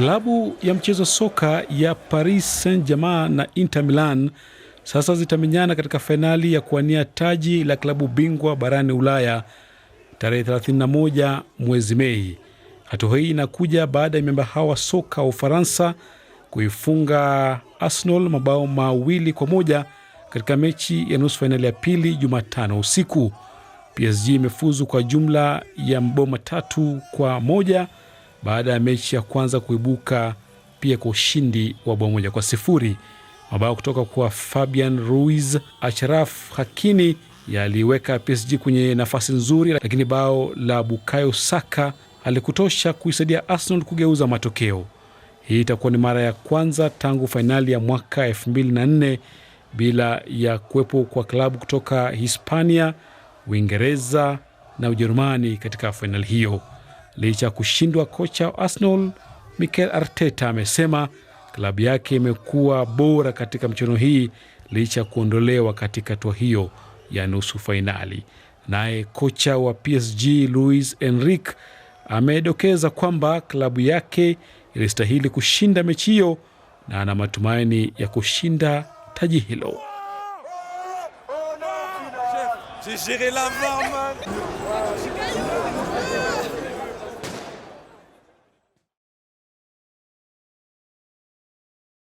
Klabu ya mchezo soka ya Paris Saint-Germain na Inter Milan sasa zitamenyana katika fainali ya kuwania taji la klabu bingwa barani Ulaya tarehe 31 mwezi Mei. Hatua hii inakuja baada ya miamba hawa soka wa Ufaransa kuifunga Arsenal mabao mawili kwa moja katika mechi ya nusu fainali ya pili Jumatano usiku. PSG imefuzu kwa jumla ya mabao matatu kwa moja baada ya mechi ya kwanza kuibuka pia kwa ushindi wa bao moja kwa sifuri. Mabao kutoka kwa Fabian Ruiz, Achraf Hakimi yaliweka PSG kwenye nafasi nzuri, lakini bao la Bukayo Saka alikutosha kuisaidia Arsenal kugeuza matokeo. Hii itakuwa ni mara ya kwanza tangu fainali ya mwaka 2004 bila ya kuwepo kwa klabu kutoka Hispania, Uingereza na Ujerumani katika fainali hiyo. Licha ya kushindwa, kocha wa Arsenal Mikel Arteta amesema klabu yake imekuwa bora katika mchuano hii licha ya kuondolewa katika hatua hiyo ya nusu fainali. Naye kocha wa PSG Luis Enrique amedokeza kwamba klabu yake ilistahili kushinda mechi hiyo na ana matumaini ya kushinda taji hilo.